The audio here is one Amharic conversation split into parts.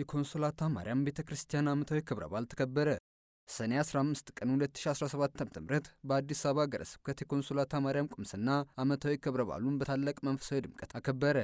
የኮንሶላታ ማርያም ቤተ ክርስቲያን ዓመታዊ ክብረ በዓል ተከበረ። ሰኔ 15 ቀን 2017 ዓ.ም በአዲስ አበባ ሀገረ ስብከት የኮንሶላታ ማርያም ቁምስና ዓመታዊ ክብረ በዓሉን በታላቅ መንፈሳዊ ድምቀት አከበረ።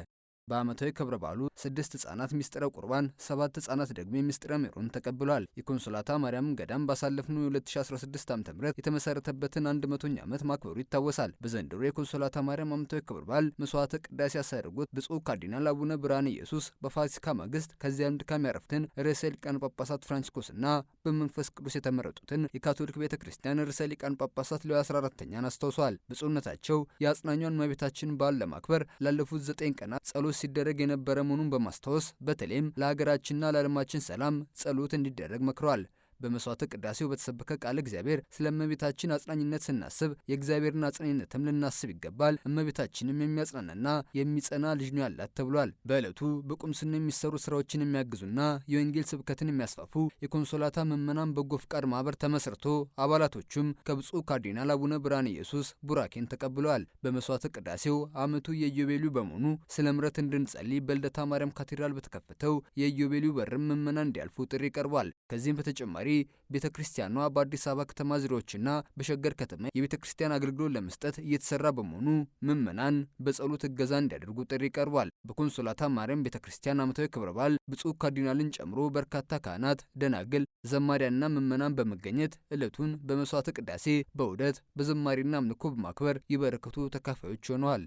በዓመታዊ ክብረ በዓሉ ስድስት ህጻናት ሚስጥረ ቁርባን፣ ሰባት ህጻናት ደግሞ ሚስጥረ ሜሮን ተቀብሏል። የኮንሶላታ ማርያም ገዳም ባሳለፍነው 2016 ዓ ም የተመሰረተበትን 100 መቶኛ ዓመት ማክበሩ ይታወሳል። በዘንድሮ የኮንሶላታ ማርያም ዓመታዊ ክብረ በዓል መስዋዕተ ቅዳሴ ያሳደርጉት ብፁዕ ካርዲናል አቡነ ብርሃነ ኢየሱስ በፋሲካ ማግስት ከዚህ ዓለም ድካም ያረፉትን ርዕሰ ሊቃነ ጳጳሳት ፍራንቺስኮስና በመንፈስ ቅዱስ የተመረጡትን የካቶሊክ ቤተ ክርስቲያን ርዕሰ ሊቃነ ጳጳሳት ሌዊ 14ኛን አስታውሷል። ብፁዕነታቸው የአጽናኟን እመቤታችንን በዓል ለማክበር ላለፉት ዘጠኝ ቀናት ጸሎት ትኩረት ሲደረግ የነበረ መሆኑን በማስታወስ በተለይም ለሀገራችንና ለዓለማችን ሰላም ጸሎት እንዲደረግ መክረዋል። በመስዋዕተ ቅዳሴው በተሰበከ ቃለ እግዚአብሔር ስለ እመቤታችን አጽናኝነት ስናስብ የእግዚአብሔርን አጽናኝነትም ልናስብ ይገባል። እመቤታችንም የሚያጽናናና የሚጸና ልጅ ነው ያላት ተብሏል። በዕለቱ በቁምስና የሚሰሩ ስራዎችን የሚያግዙና የወንጌል ስብከትን የሚያስፋፉ የኮንሶላታ ምዕመናን በጎ ፍቃድ ማህበር ተመስርቶ አባላቶቹም ከብፁዕ ካርዲናል አቡነ ብርሃነ ኢየሱስ ቡራኬን ተቀብለዋል። በመስዋዕተ ቅዳሴው ዓመቱ የኢዮቤልዩ በመሆኑ ስለ ምረት እንድንጸልይ በልደታ ማርያም ካቴድራል በተከፈተው የኢዮቤልዩ በርም ምዕመናን እንዲያልፉ ጥሪ ቀርቧል። ከዚህም በተጨማሪ በተጨማሪ ቤተ ክርስቲያኗ በአዲስ አበባ ከተማ ዙሪያዎችና በሸገር ከተማ የቤተ ክርስቲያን አገልግሎት ለመስጠት እየተሰራ በመሆኑ ምዕመናን በጸሎት እገዛ እንዲያደርጉ ጥሪ ቀርቧል። በኮንሶላታ ማርያም ቤተ ክርስቲያን ዓመታዊ ክብረ በዓል ብፁዕ ካርዲናልን ጨምሮ በርካታ ካህናት፣ ደናግል፣ ዘማሪያንና ምዕመናን በመገኘት ዕለቱን በመስዋዕተ ቅዳሴ፣ በውደት፣ በዘማሪና አምልኮ በማክበር የበረከቱ ተካፋዮች ሆነዋል።